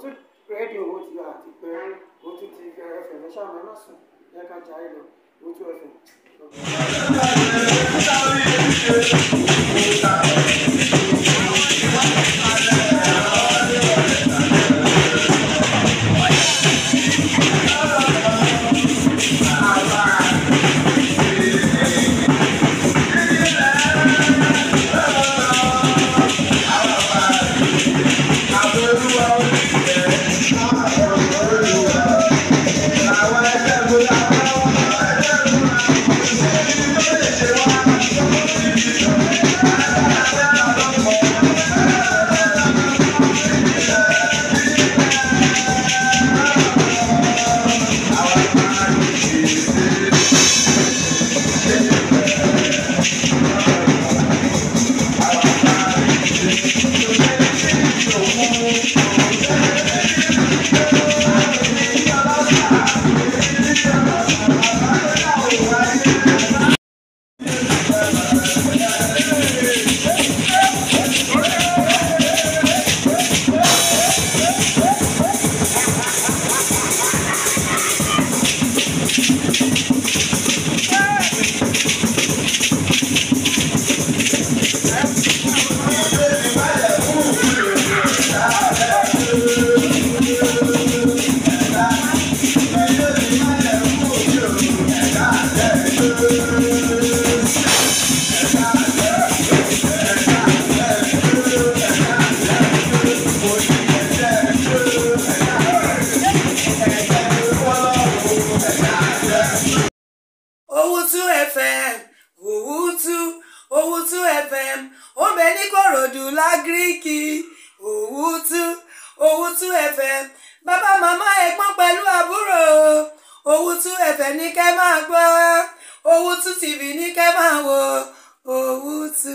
这白条我就啊，这个我就是在下面下面那是，人家讲茶叶路，我就是。fm Owutu Owutu fm la griki Owutu Owutu fm Baba mama ẹ̀gbọ́n pelu aburo, Owutu fm nike kẹ́ Owutu tv nike kẹ́ máa Owutu.